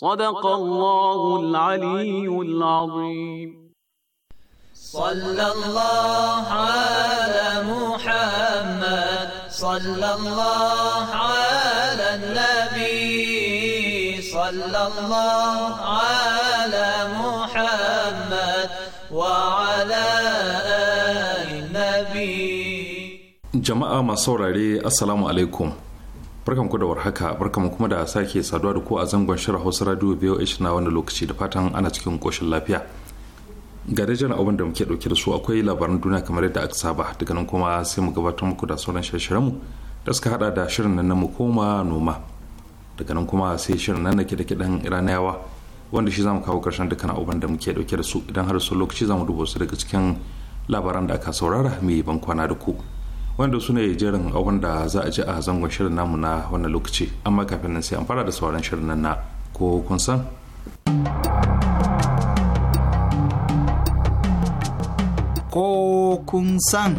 صدق الله العلي العظيم صلى الله على محمد صلى الله على النبي صلى الله على محمد وعلى آل النبي جماعة مصورة سورة السلام عليكم barkan ku da warhaka barkan mu kuma da sake saduwa da ku a zangon shirin hausa radio BOH na wani lokaci da fatan ana cikin koshin lafiya ga dajen abin da muke dauke da su akwai labaran duniya kamar yadda aka saba daga nan kuma sai mu gabatar muku da sauran shirye mu da suka hada da shirin nan na mu koma noma daga nan kuma sai shirin nan na kida kidan iraniyawa wanda shi zamu kawo karshen dukkan abin da muke dauke da su idan har su lokaci zamu duba su daga cikin labaran da aka saurara mai ban kwana da ku. wanda su ne jerin abin da za a ji a zangon shirin namu na wannan lokaci amma kafin nan sai an fara da sauran shirin nan na ko kun san ko kun san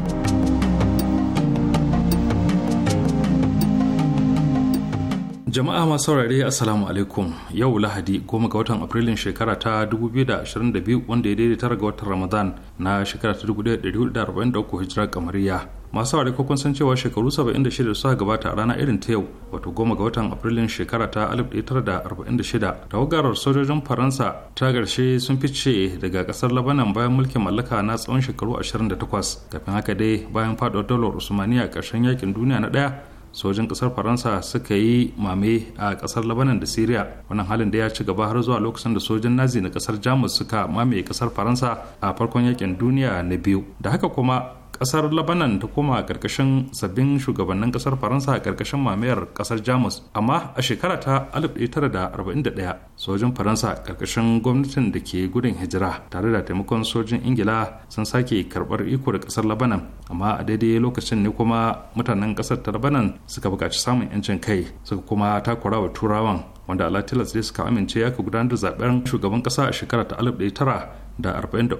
jama'a masu saurare assalamu alaikum yau lahadi goma ga watan afrilun shekara ta 2022 wanda ya daidaita ga watan ramadan na shekara ta 1443 hijira kamariya masu saurare ko kun san cewa shekaru 76 suka gabata a rana irin ta yau wato goma ga watan afrilun shekara ta 1946 tawagarar sojojin faransa ta garshe sun fice daga kasar labanan bayan mulkin mallaka na tsawon shekaru 28 kafin haka dai bayan faɗuwar dalar usmaniya ƙarshen yakin duniya na ɗaya sojin kasar faransa suka yi mame a kasar labanan da syria wannan halin da ya ci gaba har zuwa lokacin da sojin nazi na kasar jamus suka mamaye kasar faransa a farkon yakin duniya na biyu da haka kuma kasar labanan ta koma karkashin sabbin shugabannin kasar faransa a karkashin mamayar kasar jamus amma a shekara ta 1941 sojin faransa karkashin gwamnatin da ke gudun hijira tare da taimakon sojin ingila sun sake karbar iko da kasar labanan amma a daidai lokacin ne kuma mutanen kasar ta labanan suka buƙaci samun 'yancin kai suka kuma takura wa turawan wanda alatilas dai suka amince ya gudanar da zaben shugaban kasa a shekara ta da 43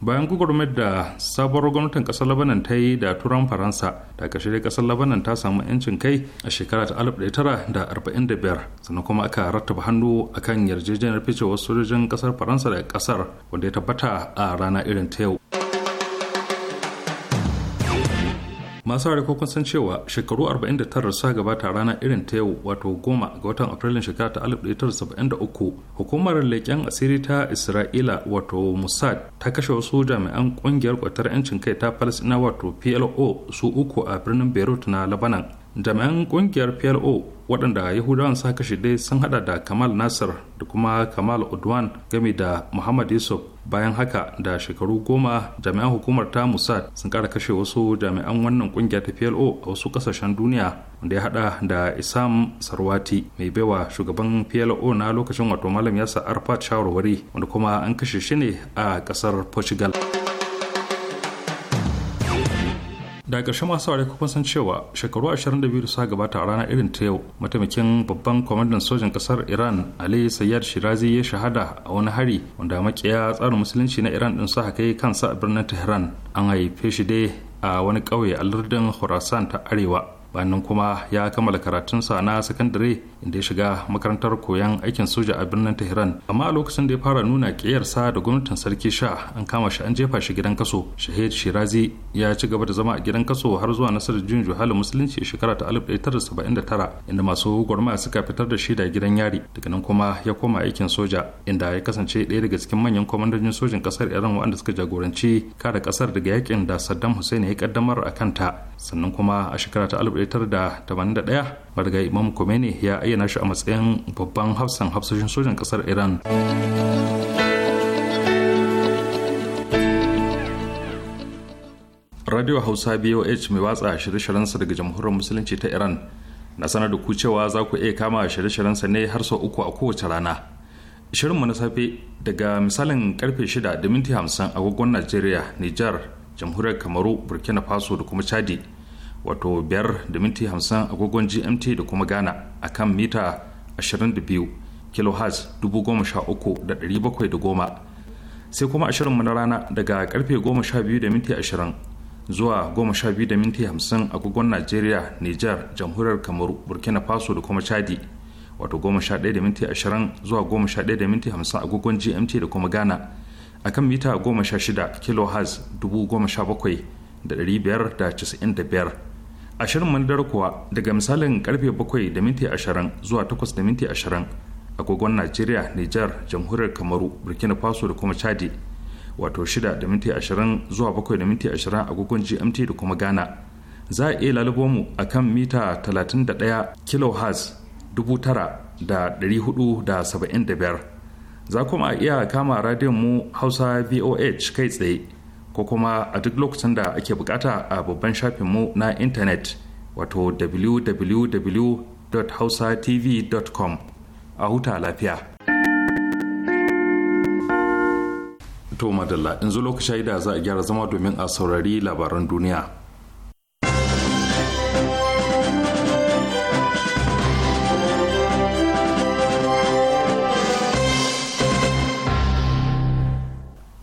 bayan gwagwarmayar da sabuwar gwamnatin kasar labanan ta yi da turan faransa da kashe da kasar labanan ta samu yancin kai a shekara ta da da arba'in biyar sannan kuma aka rattaba hannu a kan yarjejeniyar fice wasu sojojin kasar faransa daga kasar wanda ya tabbata a rana irin ta yau masu ko kun san cewa shekaru 49 sa gabata rana irin ta yau wato goma ga watan afrilun shekara ta 1973 hukumar leƙen asiri ta isra'ila wato mossad ta kashe wasu jami'an ƙungiyar kwatar 'yancin kai ta palestina wato plo su uku a birnin beirut na labanan jami'an kungiyar plo waɗanda yahudawan sa kashe dai sun hada da kamal nasir da kuma kamal udwan game da muhammad yusuf bayan haka da shekaru goma jami'an hukumar ta musad sun kara kashe wasu jami'an wannan kungiyar ta plo a wasu kasashen duniya wanda ya hada da isam sarwati mai baiwa shugaban plo na lokacin wato malam yasa arfat shawarwari wanda kuma an kashe shi ne a ƙasar portugal da ƙarshe masu ware kuma san cewa shekaru 22 da suka gabata a rana irin ta yau mataimakin babban kwamandan sojan ƙasar iran ali sayyad shirazi ya shahada a wani hari wanda makiya tsarin musulunci na iran ɗin suka kai kansa a birnin tehran an haife shi dai a wani ƙauye a lardin khurasan ta arewa bayan kuma ya kammala karatun sa na sakandare inda ya shiga makarantar koyon aikin soja a birnin tehran amma a lokacin da ya fara nuna ƙiyarsa da gwamnatin sarki sha an kama shi an jefa shi gidan kaso shahid shirazi ya ci gaba da zama a gidan kaso har zuwa nasarar jin juhalin musulunci shekara ta 1979 inda masu gwarma suka fitar da shi da gidan yari daga nan kuma ya koma aikin soja inda ya kasance ɗaya daga cikin manyan kwamandojin sojin ƙasar iran waɗanda suka jagoranci kare ƙasar daga yakin da saddam hussein ya kaddamar a kanta sannan kuma a shekara ta 1981 marga imam khomeini ya ayyana shi a matsayin babban hafsan hafsoshin sojan kasar iran radio hausa boh mai watsa shirye-shiryensa daga jamhuriyar musulunci ta iran na sanar da ku cewa za ku iya kama shirye-shiryensa ne har sau uku a kowace rana shirinmu na safe daga misalin karfe 6 da minti 50 agogon najeriya nijar jamhuriyar kamaru burkina faso da kuma chadi wato 5 da minti 50 agogon gmt da kuma ghana a kan mita 22 kilohertz 13710 sai kuma ashirinmu na rana daga karfe 12 da minti 20 zuwa 12 da minti 50 agogon nigeria niger jamhuriyar kamaru burkina faso da kuma chadi wato 11 da minti 20 zuwa 11 da minti 50 agogon gmt da kuma ghana a kan mita 16 kilohertz 17,595 a shirin mandar kuwa daga misalin karfe 7 da minti 20 zuwa 8 da minti 20 agogon najeriya niger jamhuriyar kamaru burkina faso da kuma chadi wato 6 da minti 20 zuwa 7 da minti 20 agogon gmt da kuma ghana za a iya lalubo mu a kan mita 31 kilohertz 9475 za kuma a iya kama radiyon mu hausa voh kai tsaye ko kuma a duk lokacin da ake bukata a babban shafinmu na intanet wato www.hausatv.com a huta lafiya. To madalla, in zo lokaci da za a gyara zama domin a saurari labaran duniya.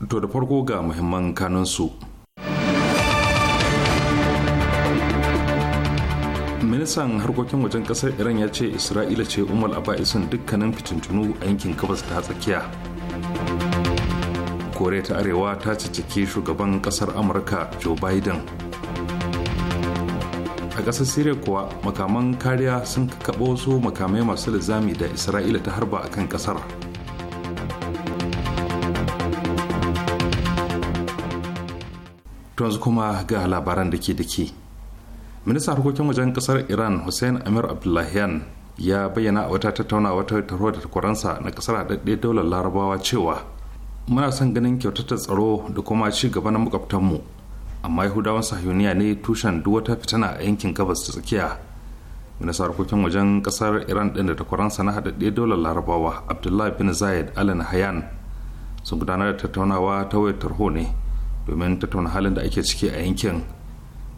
To da farko ga muhimman kanunsu. Ministan harkokin wajen kasar Iran ya ce Isra'ila ce umar a aba'isin dukkanin fitintunu a yankin gabas ta tsakiya. Koriya ta Arewa ta cicciki shugaban kasar Amurka Joe Biden. A ƙasar Siriya kuwa makaman kariya sun kakaɓo wasu makamai masu lizami da Isra'ila ta harba a kan ƙasar. to yanzu kuma ga labaran da ke da ke ministan harkokin wajen kasar iran hussein amir abdullahian ya bayyana a wata tattaunawa ta taro da takwaransa na kasar haɗaɗɗe daular larabawa cewa muna son ganin kyautatar tsaro da kuma ci gaba na makwabtanmu amma yahudawan sahiyoniya ne tushen duk wata fitana a yankin gabas ta tsakiya minista harkokin wajen kasar iran ɗin da takwaransa na haɗaɗɗe daular larabawa abdullahi bin zayed al hayan sun gudanar da tattaunawa ta wayar tarho ne domin tattauna halin da ake ciki a yankin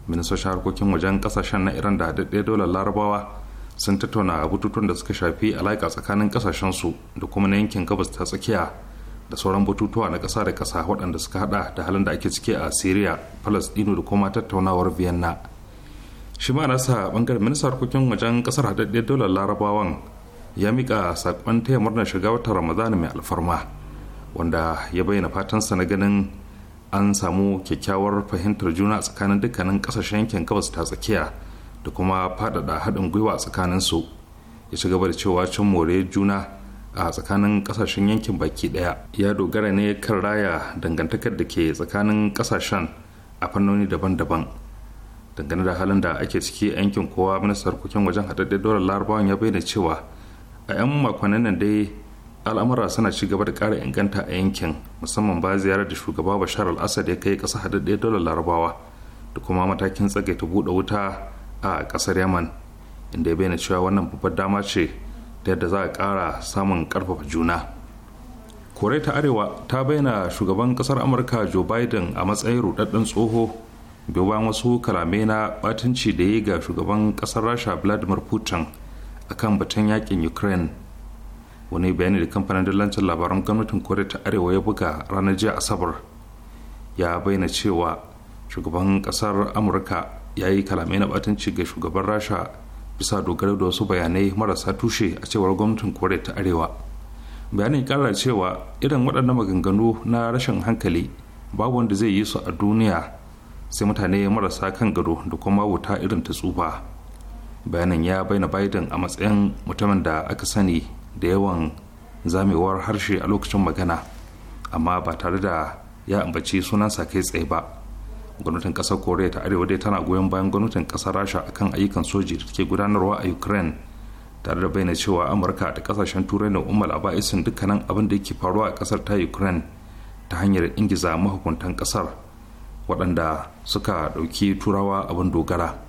minisoshin harkokin wajen kasashen na iran da haɗaɗɗe dole larabawa sun tattauna a bututun da suka shafi alaƙa tsakanin kasashensu da kuma na yankin gabas ta tsakiya da sauran bututuwa na ƙasa da ƙasa waɗanda suka haɗa da halin da ake ciki a syria palestino da kuma tattaunawar vienna shi ma nasa bangaren minisar harkokin wajen ƙasar haɗaɗɗe dole larabawan ya mika saƙon taya murnar shiga watan ramadana mai alfarma wanda ya bayyana fatansa na ganin an samu kyakkyawar fahimtar juna tsakanin dukkanin kasashen yankin gabas ta tsakiya da kuma faɗaɗa haɗin gwiwa tsakanin su ya ci gaba da cewa cin more juna a tsakanin kasashen yankin baki ɗaya ya dogara ne kan raya dangantakar da ke tsakanin kasashen a fannoni daban-daban dangane da halin da ake ciki a yankin kowa ministar harkokin wajen haɗaɗɗen dolar larabawan ya bayyana cewa a 'yan makonnin nan dai al'amura suna ci gaba da ƙara inganta a yankin musamman ba ziyarar da shugaba bashar al-assad ya kai ƙasa haɗaɗɗe dole larabawa da kuma matakin tsagaita buɗe wuta a ƙasar yaman inda ya bayyana cewa wannan babbar dama ce da yadda za a ƙara samun ƙarfafa juna korai ta arewa ta bayyana shugaban ƙasar amurka joe biden a matsayin ruɗaɗɗen tsoho bai bayan wasu kalamai na ɓatanci da ya yi ga shugaban ƙasar rasha vladimir putin akan batun yakin ukraine wani bayani da kamfanin dillancin labaran gwamnatin kore ta arewa ya buga ranar jiya asabar ya bayyana cewa shugaban kasar amurka ya yi kalamai na batanci ga shugaban rasha bisa dogara da wasu bayanai marasa tushe a cewar gwamnatin kore ta arewa bayanin kara cewa irin waɗannan maganganu na rashin hankali babu wanda zai yi su a duniya sai mutane marasa kan gado da kuma wuta irin ta tsufa bayanin ya bayyana biden a matsayin mutumin da aka sani da yawan zamewar harshe a lokacin magana amma ba tare da ya ambaci sunansa kai tsaye ba gwamnatin kasar koriya ta arewa dai tana goyon bayan gwamnatin kasar rasha kan ayyukan soji da take gudanarwa a ukraine tare da bayyana cewa amurka da kasashen turai na umar aba'isin dukkanin abin da yake faruwa a kasar ta ukraine ta hanyar ingiza mahukuntan kasar waɗanda suka ɗauki turawa abin dogara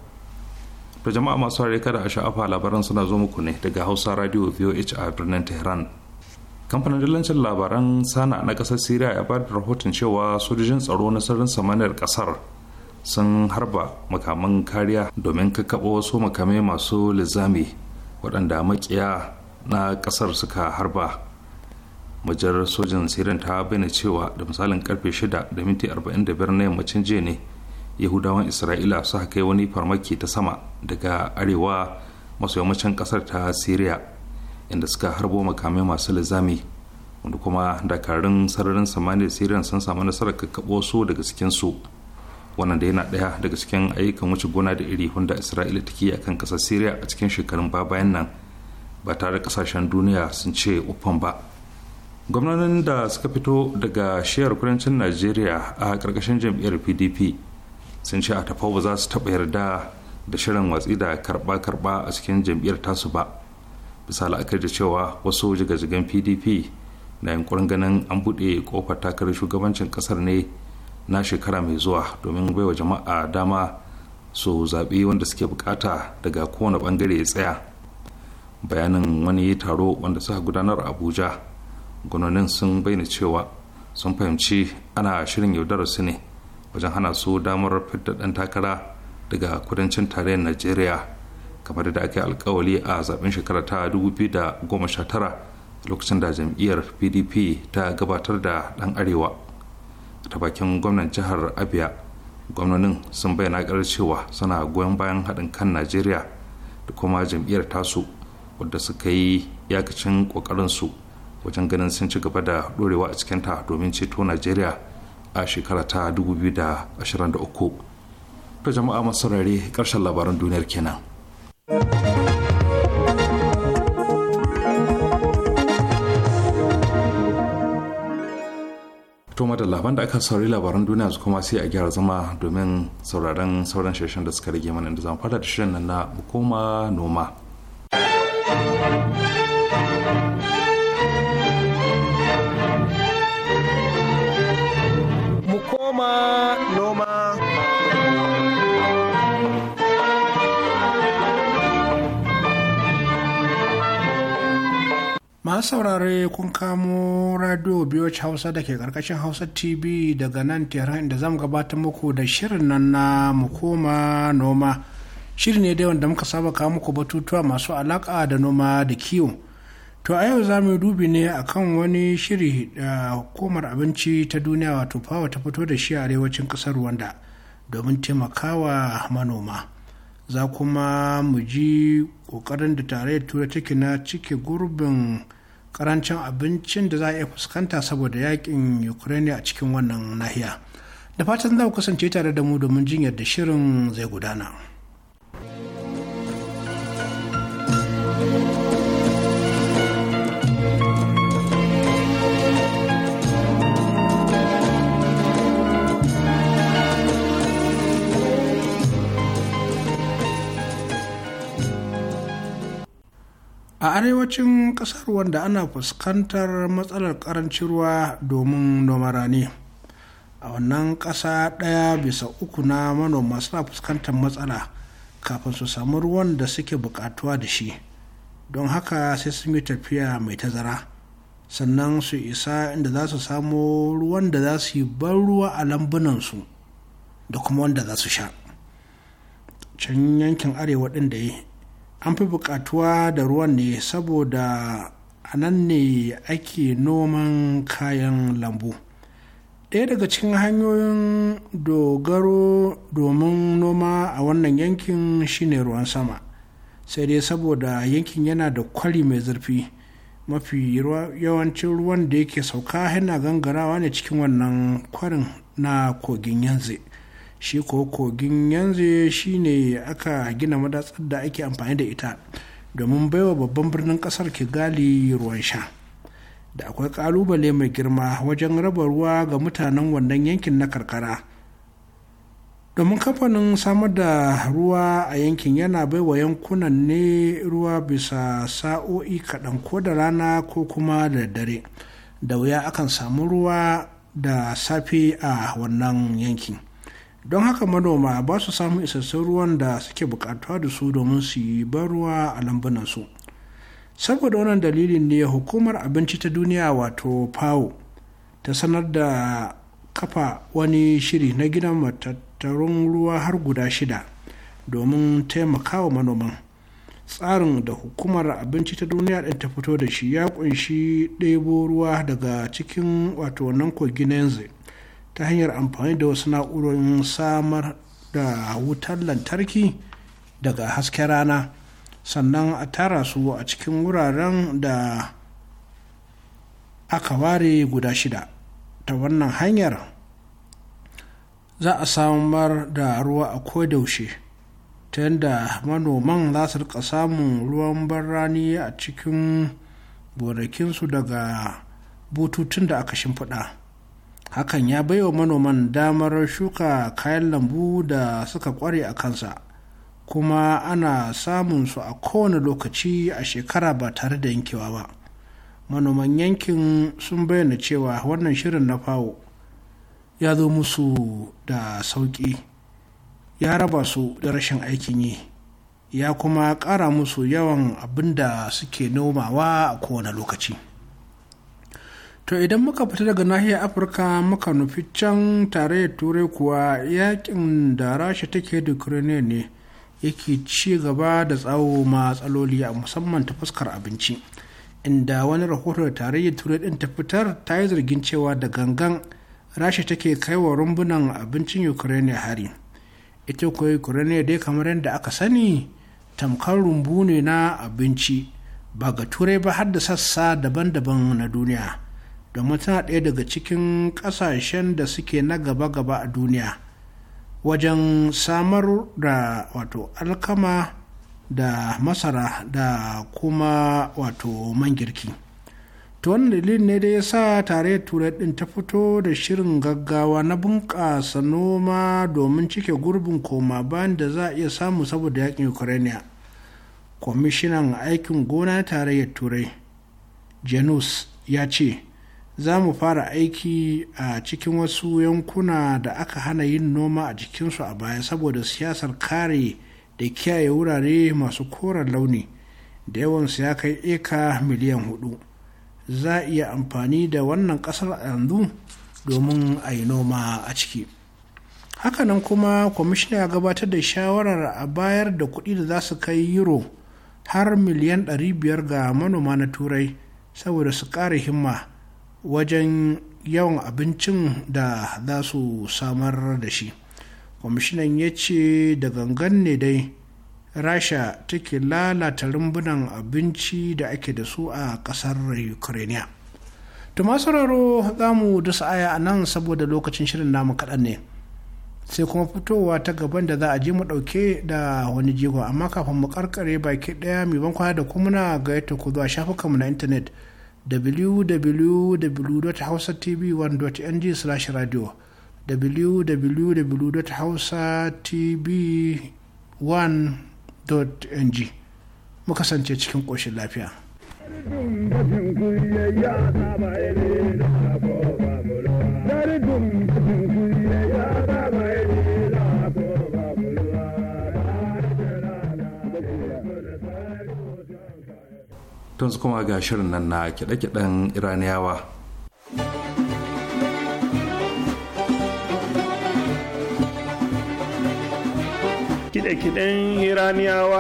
da jama'a masu harare kada a sha'afa labaran suna zo muku ne daga Hausa Radio VOH a birnin Tehran. Kamfanin dillancin labaran sana na kasar Siriya ya bada rahoton cewa sojojin tsaro na sararin samaniyar kasar sun harba makaman kariya domin kakkaɓo wasu makamai masu lizami waɗanda makiya na kasar suka harba. Majar sojin Siriya ta bayyana cewa da misalin karfe 6 da minti 45 na yammacin jiya ne yahudawan isra'ila su kai wani farmaki ta sama daga arewa maso yammacin kasar ta syria inda suka harbo makamai masu lizami wanda kuma dakarun sararin da syria sun samu nasarar kakkaɓo su daga cikinsu wannan da yana ɗaya daga cikin ayyukan wuce gona da iri wanda isra'ila take a kan kasar syria a cikin shekarun ba bayan nan ba tare kasashen duniya sun ce uffan ba gwamnonin da suka fito daga shiyar kudancin najeriya a ƙarƙashin jam'iyyar pdp sun ce a tafa ba za su taɓa yarda da shirin watsi da karɓa-karɓa a cikin jam'iyyar tasu ba bisa la'akari da cewa wasu jigajigan pdp na yunkurin ganin an buɗe kofar takarar shugabancin ƙasar ne na shekara mai zuwa domin baiwa jama'a dama su zaɓi wanda suke bukata daga kowane ɓangare ya tsaya bayanin wani taro wanda suka gudanar abuja gwanonin sun bayyana cewa sun fahimci ana shirin yaudarar su ne wajen hana su damar fitar ɗan takara daga kudancin tarayyar najeriya kamar da aka yi alkawali a zaben shekara ta 2019 lokacin da jam'iyyar pdp ta gabatar da ɗan arewa ta bakin gwamnan jihar abia gwamnonin sun bayyana ƙarar cewa suna goyon bayan haɗin kan najeriya da kuma jam'iyyar tasu wadda suka yi yakacin ƙoƙarinsu wajen ganin sun ci gaba da ɗorewa a cikinta domin ceto najeriya a shekara ta 2023 to jama'a masu rare ƙarshen labaran duniyar kenan. to da labaran da aka saurari labaran duniya su kuma sai a gyara zama domin sauraron sauran shirshen da suka rage mana da zamfara da shirin nan na koma noma masu saurare kun kamo radio Hausa da ke karkashin Hausa TV daga nan Tehran da zamu gabata muku da shirin nan na koma noma. Shiri ne yawan wanda muka saba kawo muku batutuwa masu alaka da noma da kiwo. To a yau zamu mu dubi ne akan wani shiri da eh, hukumar abinci ta duniya wato fawa ta fito da shi a arewacin kasar Rwanda domin taimakawa manoma. Za kuma mu ji kokarin da tarayyar turai take na cike gurbin karancin abincin da za a iya fuskanta saboda yakin ukraine a cikin wannan nahiya da fatan za ku kasance tare da mu domin jin yadda shirin zai gudana. arewacin ƙasar wanda ana fuskantar matsalar ƙarancin ruwa domin noman rani a wannan ƙasa ɗaya bisa uku na manoma suna fuskantar matsala kafin su samu ruwan da suke buƙatuwa da shi don haka sai sun yi tafiya mai tazara sannan su isa inda za su samu ruwan da za su yi ban ruwa a lambunansu da kuma wanda za su sha can yankin arewa ɗin da yi an fi buƙatuwa da ruwan ne saboda a nan ne ake noman kayan lambu ɗaya daga cikin hanyoyin dogaro domin noma a wannan yankin shine ruwan sama sai dai saboda yankin yana da kwari mai zurfi mafi yawancin ruwan da yake sauka yana gangarawa ne cikin wannan kwarin na kogin yanzu shi ko kogin yanzu shi ne aka gina madatsar da ake amfani da ita domin baiwa babban birnin kasar kigali ruwan sha da akwai kalubale mai girma wajen raba ruwa ga mutanen wannan yankin na karkara domin kamfanin samar da ruwa a yankin yana baiwa yankunan ne ruwa bisa sa'o'i kaɗan ko da rana ko kuma da dare da wuya akan samu ruwa da safe a wannan yankin don haka manoma ba su samu isassun ruwan da suke bukatuwa da su domin su yi ban ruwa a lambunansu saboda wannan dalilin ne hukumar abinci ta duniya wato fao ta sanar da kafa wani shiri na gidan matattarun ruwa har guda shida domin taimakawa manoman tsarin da hukumar abinci ta duniya ɗin ta fito da shi ya kunshi ɗebo ruwa daga cikin wato wannan kogi na yanzu ta hanyar amfani da wasu na'urorin samar da wutar lantarki daga hasken rana sannan a tara su a cikin wuraren da aka ware guda shida ta wannan hanyar za a samar da ruwa a kodaushe ta yadda manoman za su rika samun ruwan barrani a cikin gonakinsu daga bututun da aka shimfiɗa hakan ya baiwa manoman damar shuka kayan lambu da suka kware a kansa kuma ana samun su a kowane lokaci a shekara ba tare da yankewa ba manoman yankin sun bayyana cewa wannan shirin na fawo ya zo musu da sauƙi ya raba su da rashin aikin yi ya kuma ƙara musu yawan abin da suke nomawa a kowane lokaci to idan muka fita daga nahiyar afirka muka nufi can tarayyar turai kuwa yakin da rasha take da ukraine ne yake ci gaba da tsawo matsaloli a musamman ta fuskar abinci inda wani rahoton tarayyar turai din ta fitar ta yi zargin cewa da gangan rasha take kaiwa rumbunan abincin ukraine hari ita kuwa ukraine dai kamar yadda aka sani tamkar rumbu ne na abinci ba ga turai ba har da sassa daban-daban na duniya domin tana ɗaya daga cikin ƙasashen da suke na gaba-gaba a duniya wajen samar da wato alkama da masara da kuma wato man girki to wannan dalilin ne da ya sa tare turai ɗin ta fito da shirin gaggawa na bunƙasa noma domin cike gurbin koma bayan da za a iya samu saboda yakin ukraine kwamishinan aikin gona tarayyar turai janus ya ce za mu fara aiki a cikin wasu yankuna da aka hana yin noma a jikinsu a baya saboda siyasar kare da kiyaye wurare masu koren launi da yawansu ya kai eka miliyan hudu za a iya amfani da wannan kasar a yanzu domin a yi noma a ciki hakanan kuma kwamishina ya gabatar da shawarar a bayar da kuɗi da za su kai euro har miliyan 500 ga manoma na turai saboda su ƙara himma wajen yawan abincin da za su samar da shi kwamishinan ya ce da gangan ne dai rasha take lalata rumbunan abinci da ake da su a kasar ukraine to masu raro za mu dasa aya a nan saboda lokacin shirin namu kaɗan ne sai kuma fitowa ta gaban da za a je mu ɗauke da wani jigo amma kafin mu karkare baki ɗaya mai bankwana da kuma na gayyata ku zuwa shafukanmu na intanet www.hausatv1.ng/radio www.hausatv1.ng mu kasance cikin ƙoshin lafiya. Dari dum tun su kuma ga shirin nan na kiɗe-kiɗen iraniyawa kiɗe-kiɗen iraniyawa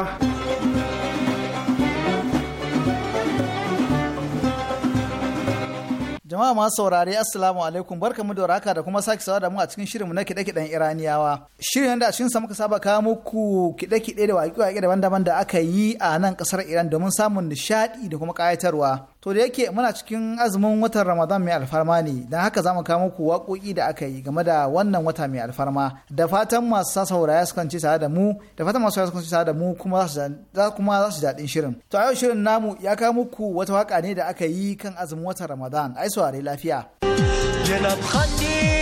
Jama'a masu saurare Assalamu alaikum barkamu da waraka da kuma sake sawa da mu a cikin shirinmu na kiɗe-kiɗen Iraniyawa. Shirin da a cikin sa muka saba kawo muku kiɗe-kiɗe da waƙe-waƙe daban-daban da aka yi a nan kasar Iran domin samun nishaɗi da kuma ƙayatarwa. to da yake muna cikin azumin watan ramadan mai alfarma ne don haka za mu kawo muku waƙoƙi da aka yi game da wannan wata mai alfarma da fatan masu sauraya su kanci tare da mu da fatan masu sauraya su tare da mu kuma za su daɗin shirin to a yau shirin namu ya kawo muku wata waƙa ne da aka yi kan azumin watan ramadan ai saurare lafiya جنب خندی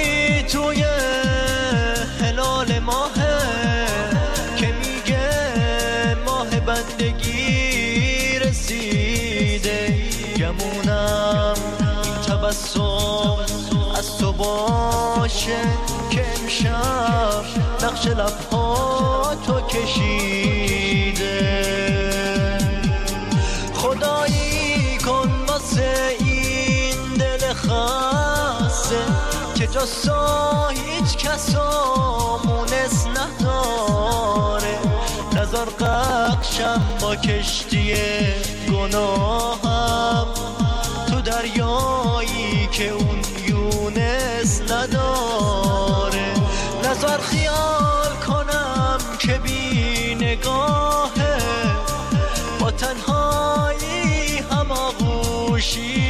از تو باشه که امشب نقش لبها تو کشیده خدایی کن واسه این دل خسته که جاستا هیچ کسا مونس نداره نظر ققشم با کشتی گناهم تو دریا که اون یونس نداره نظر خیال کنم که بی نگاهه با تنهایی هم آغوشی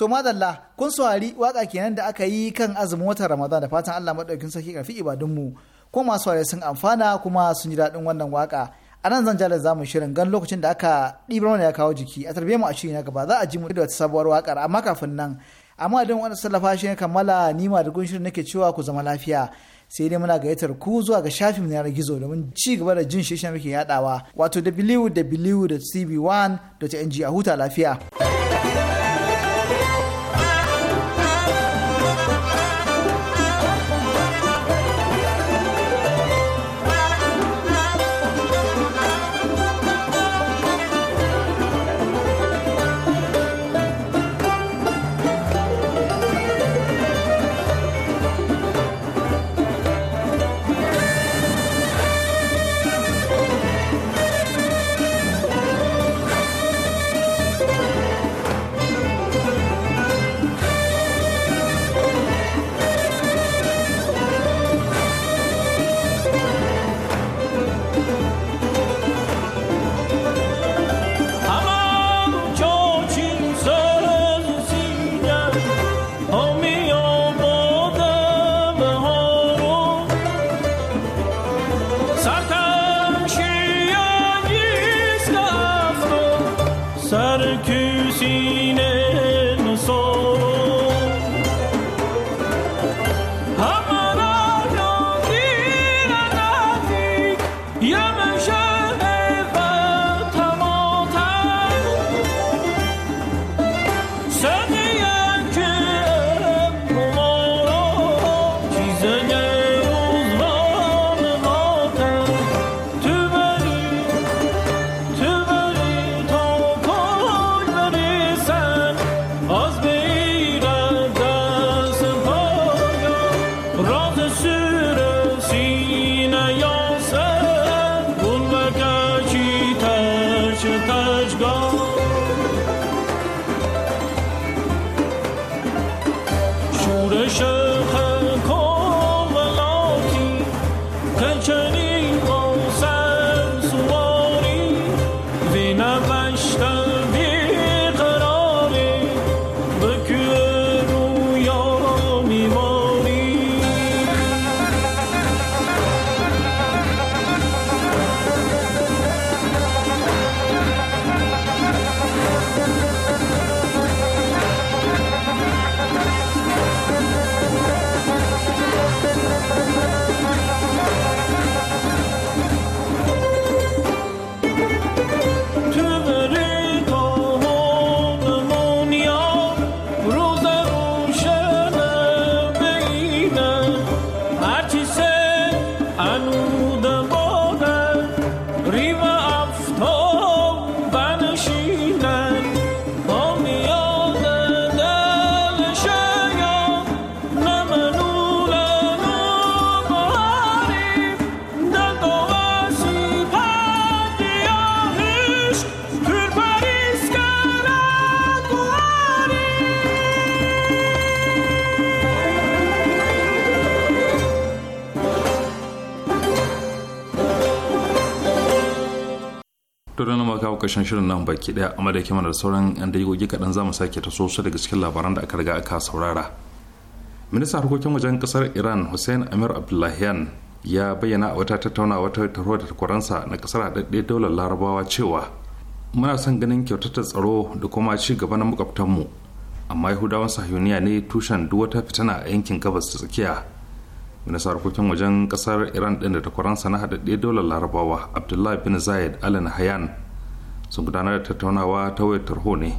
to madalla kun saurari waka kenan da aka yi kan azumin watan ramadan da fatan allah maɗaukin sarki ƙarfi ibadunmu ko masu sun amfana kuma sun ji daɗin wannan waka a nan zan jalar zamu shirin gan lokacin da aka ɗibar mana ya kawo jiki a tarbiyyar mu a shiri na gaba za a ji mu da wata sabuwar waƙar amma kafin nan amma don wani sallafa shi ne kammala nima da gunshirin nake cewa ku zama lafiya sai dai muna gayyatar ku zuwa ga shafin mu yanar gizo domin ci gaba da jin shi muke yadawa wato www.cb1.ng a huta lafiya. the sur kawo kashin shirin nan baki daya amma da kyamar sauran yan daigogi kaɗan za mu sake ta sosai daga cikin labaran da aka riga aka saurara ministan harkokin wajen kasar iran hussein amir abdullahian ya bayyana a wata tattaunawa ta taro da takwaransa na kasar haɗaɗɗe daular larabawa cewa muna son ganin kyautatar tsaro da kuma ci gaba na makwabtanmu amma yahudawan sahiyoniya ne tushen duk wata fitana a yankin gabas ta tsakiya ministan harkokin wajen kasar iran din da takwaransa na haɗaɗɗe daular larabawa abdullahi bin zayed al nahyan sun gudanar da tattaunawa ta wayar tarho ne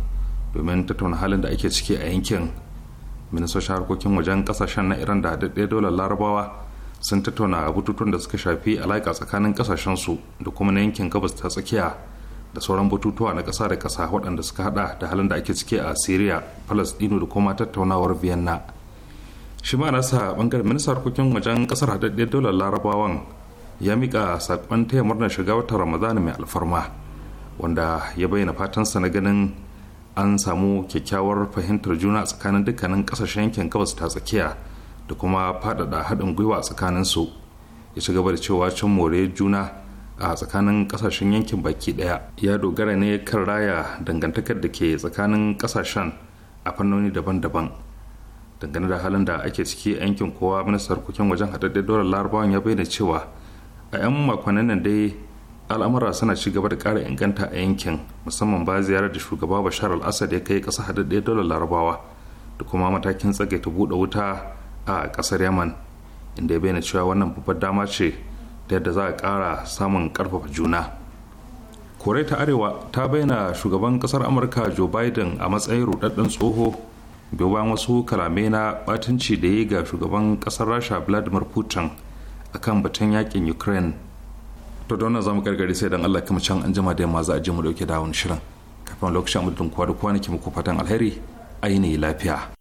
domin tattauna halin da ake ciki a yankin ministocin harkokin wajen kasashen na iran da haɗaɗɗe dolar larabawa sun tattauna bututun da suka shafi alaƙa tsakanin kasashensu da kuma na yankin gabas ta tsakiya da sauran bututuwa na ƙasa da ƙasa waɗanda suka haɗa da halin da ake ciki a syria palestino da kuma tattaunawar vienna shi ma nasa ɓangaren ministan harkokin wajen ƙasar haɗaɗɗe dolar larabawan ya mika saƙon taya murnar shiga wata ramadana mai alfarma wanda ya bayyana fatansa na ganin an samu kyakkyawar fahimtar juna tsakanin dukkanin kasashen yankin gabas ta tsakiya da kuma faɗaɗa haɗin gwiwa tsakanin su ya ci gaba da cewa cin more juna a tsakanin kasashen yankin baki ɗaya ya dogara ne kan raya dangantakar da ke tsakanin kasashen a fannoni daban-daban dangane da halin da ake ciki a yankin kowa ministan harkokin wajen haɗaɗɗen dole larabawan ya bayyana cewa a 'yan makonnin nan dai al'amura suna ci gaba da ƙara inganta a yankin musamman ba ziyarar da shugaba bashar al-assad ya kai ƙasa haɗaɗɗiyar dalar larabawa da kuma matakin tsagaita buɗe wuta a ƙasar yaman inda ya bayyana cewa wannan babbar dama ce da yadda za a ƙara samun ƙarfafa juna kore ta arewa ta bayyana shugaban ƙasar amurka joe biden a matsayin ruɗaɗɗen tsoho biyu bayan wasu kalamai na batunci da ya yi ga shugaban ƙasar rasha vladimir putin akan batun yakin ukraine to don nan zamu gargare sai dan Allah kuma can an jima da yamma za a je mu dauke dawon shirin kafin lokacin mutum kwa da kwanaki muku fatan alheri aini lafiya